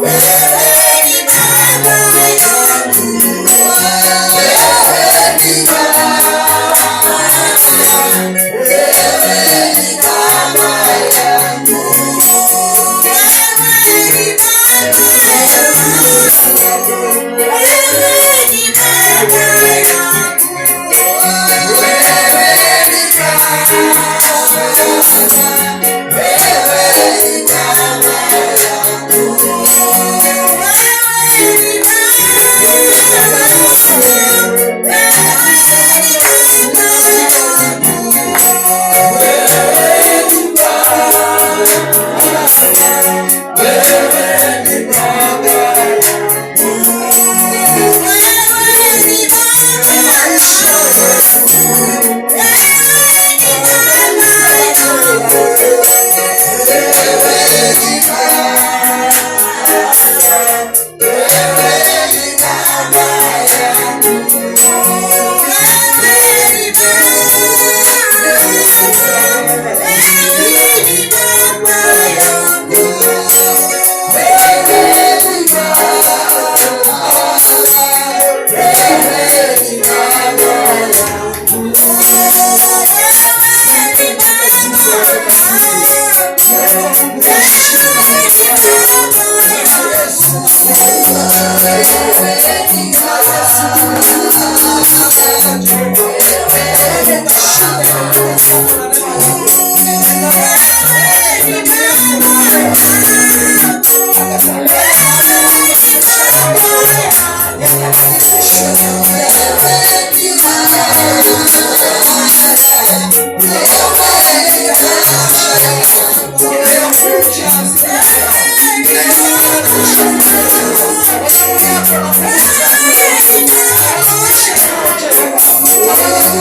Bye.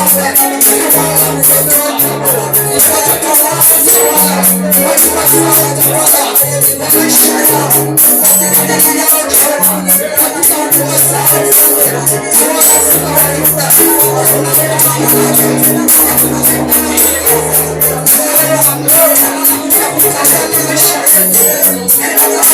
I'm gonna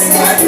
Just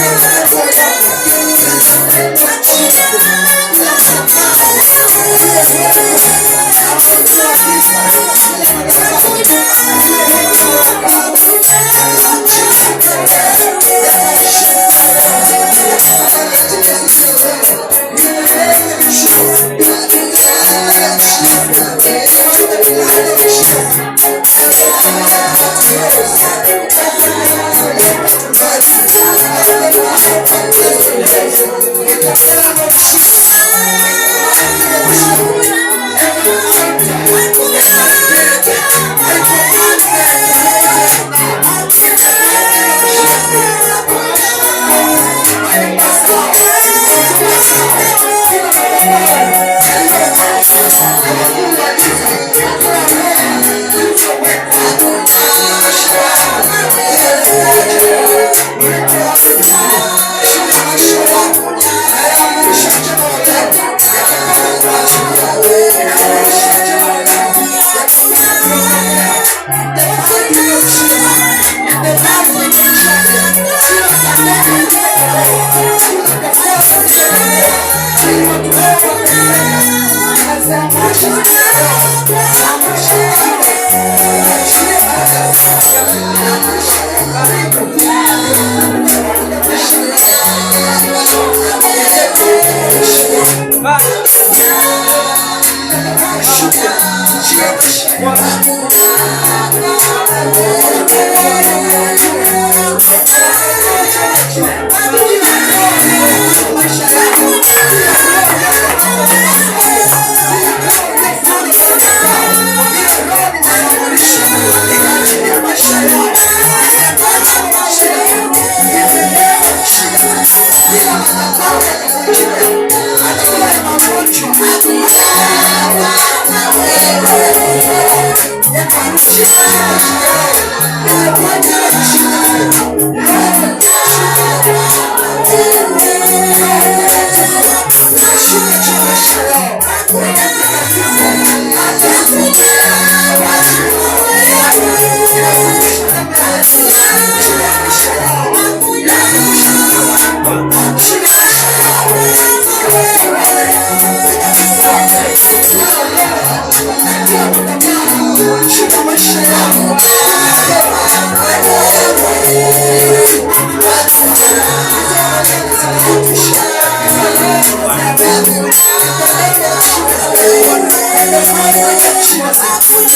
Yeah. Hallelujah. Church.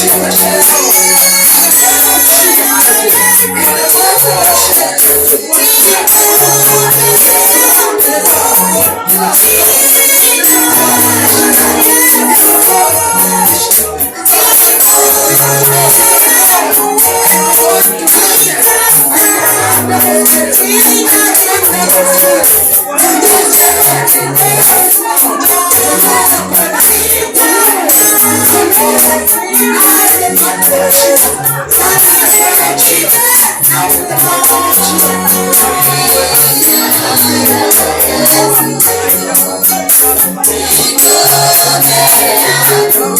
differences Thank you.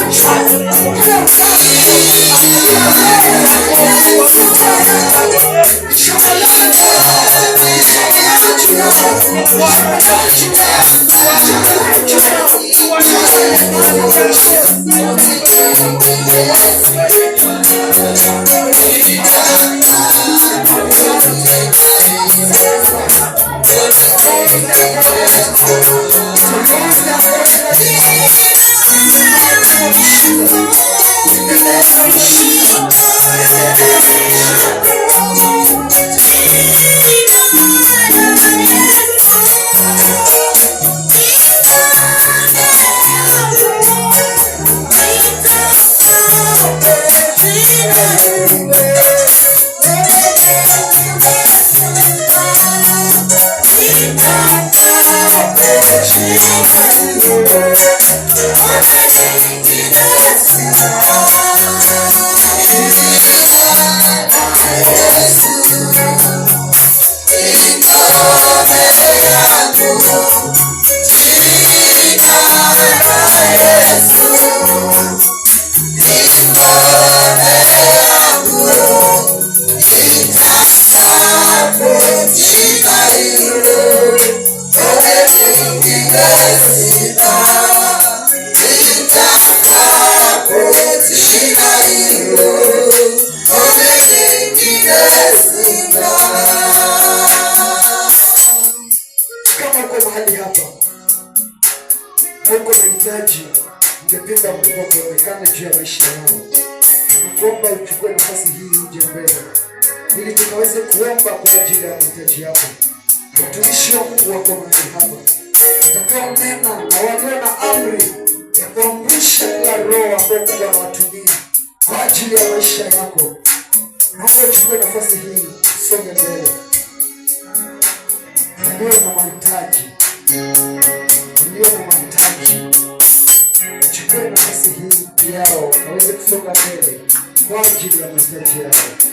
Yeah. What is that? ili tukaweze kuomba kwa ajili ya mahitaji yako. Watumishi wa Mungu wako mahali hapa, atakawa mema na walio na amri ya kuamrisha kila roho ambayo Mungu anawatumia kwa ajili ya maisha yako. Naomba uchukue nafasi hii, songe mbele, iliyo na mahitaji, iliyo na mahitaji, uchukue nafasi hii yao waweze kusonga mbele kwa ajili ya mahitaji yao.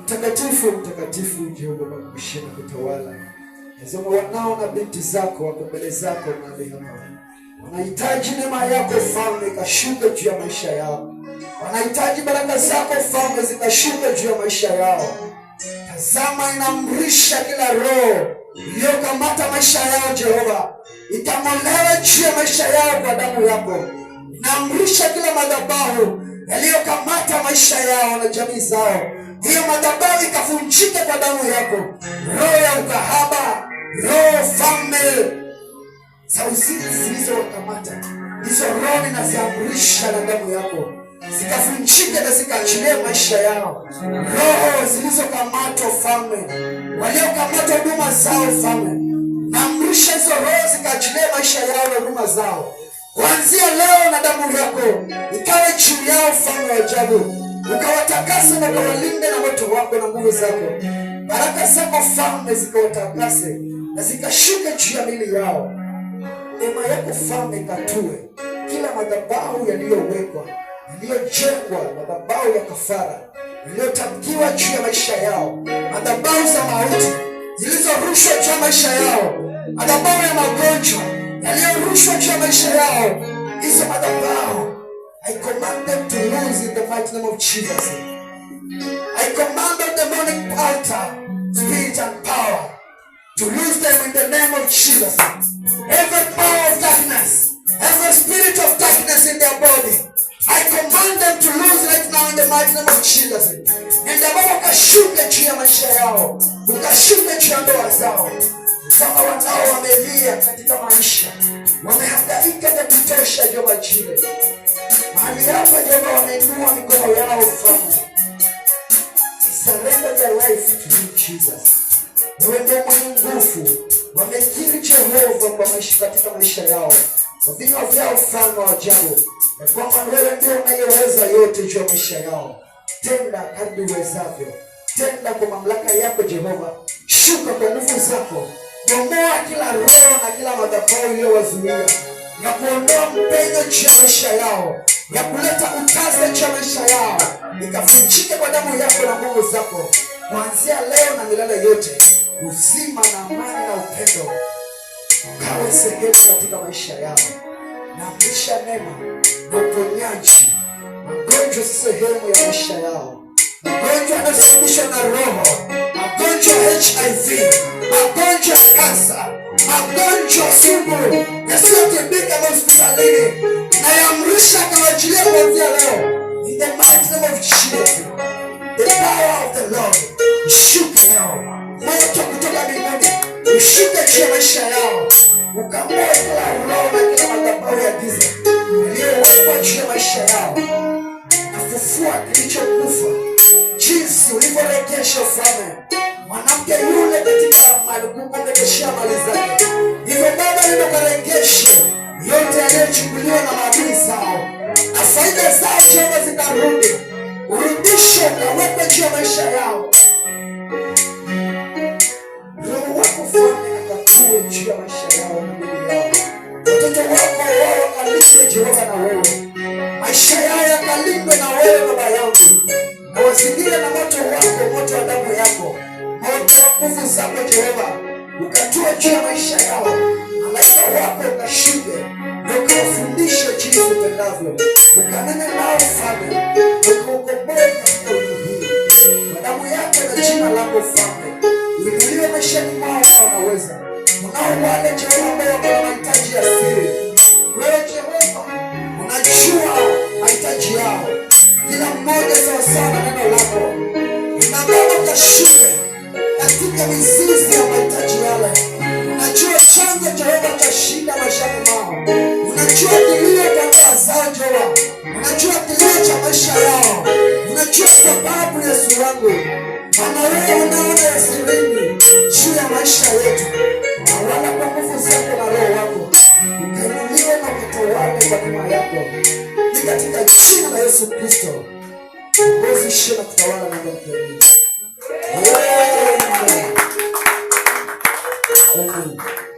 Mtakatifu, mtakatifu Jehova Mungu mshina kutawala. Nasema wanao na binti zako wako mbele zako mahali hapa. Wanahitaji neema yako Mfalme ikashuke juu ya maisha yao. Wanahitaji baraka zako Mfalme zikashuke juu ya maisha yao. Tazama inaamrisha kila roho iliyokamata maisha yao Jehova itamolewa juu ya maisha yao kwa damu yako. Inaamrisha kila madhabahu yaliyokamata maisha yao na jamii zao hiyo madhabahu ikavunjika kwa damu yako. Roho ya ukahaba, roho falme za uzinzi zilizokamata hizo roho ninaziamrisha na damu yako zikafunjike na zikaachilie maisha yao. Roho zilizokamatwa falme, waliokamata huduma zao falme, naamrisha hizo roho zikaachilie maisha yao na huduma zao kuanzia leo, na damu yako ikawe juu yao falme wa ajabu ukawatakase na kawalinde na watu wako na nguvu zako. Baraka zako falme zikawatakase na zikashuke juu ya mili yao. Neema yako falme katue kila madhabahu yaliyowekwa yaliyojengwa madhabahu ya kafara iliyotamkiwa juu ya maisha yao, madhabahu za mauti zilizorushwa juu ya maisha yao, madhabahu ya magonjwa yaliyorushwa juu ya maisha yao, hizo madhabahu I command them to rise in the mighty name of Jesus. I command the demonic altar, spirit and power to lose them in the name of Jesus. Every power of darkness, every spirit of darkness in their body, I command them to lose right now in the mighty name of Jesus. Nenda Baba ukashuke juu ya maisha yao, ukashuke juu ya ndoa zao. Kama wanao wamelia katika maisha, wamehangaika na kutosha, Jehova Jire. Aliapa jana wanainua mikono yao mfano. Surrender their life to you Jesus. Niwende mwenye nguvu, wamekiri Jehova kwa maisha katika maisha yao, wavinywa vyao mfano wa ajabu, na kwamba wewe ndio unayeweza yote juu ya maisha yao. Tenda kadri uwezavyo, tenda kwa mamlaka yako Jehova, shuka kwa nguvu zako, bomoa kila roho na kila madhabahu iliyowazuia na kuondoa mpenyo juu ya maisha yao ya kuleta uchache cha maisha yao ikavunjike kwa damu yako na nguvu zako, kuanzia leo na milele yote. Uzima na amani na upendo kawe sehemu katika maisha yao, na maisha mema na uponyaji. Magonjwa si sehemu ya maisha yao, magonjwa yanayosababishwa na roho, magonjwa HIV, magonjwa kansa magonjwa sugu yasiyotibika hospitalini, nayaamrisha kawajilia kuanzia leo. In the mighty name of Jesus, the power of the Lord, shuka leo moto kutoka mbinguni, ushuke juu ya maisha yao, ukamoe kila roho na kila madhabahu ya giza iliyowekwa juu ya maisha yao, nafufua kilichokufa jinsi ulivyorejesha ufalme mwanamke yule katika alikupatekeshea mali zake. Hivyo Baba, neno karejeshe yote yaliyochukuliwa na maadui zao, asaida zao jema zikarudi, urudishe ukawekwe juu ya maisha yao, roho wako fanya akakue juu ya maisha yao, watoto wako wao wakalindwe Jehova na wewe, maisha yao yakalindwe na wewe Baba yangu, kawazingire na moto wako, moto wa damu yako nguvu zako Jehova, ukatua juu ya maisha yao, malaika wako ukashinde na ukawafundishe jinsi upendavyo, ukanene nao Mfalme, ukaukomboe katika hii kwa damu yako na jina lako Mfalme, uinuliwe ni mao kwa maweza mnao wale Jehova ambao wana mahitaji ya siri, wewe Jehova unajua mahitaji yao, kila mmoja sawasawa na neno lako, inabana ukashinde katika mizizi ya mahitaji yale. Unajua chanzo cha wewe cha shida maishani mwao, unajua kilio cha wazazi wao, unajua kilio cha maisha yao, unajua sababu. Yesu wangu, maana wewe unaona yasirini juu ya maisha yetu, nawala kwa nguvu zako na roho wako, ukainuliwe na kutowane kwa neema yako, ni katika jina la Yesu Kristo, uwezi shida kutawala mambo mkeni Thank you.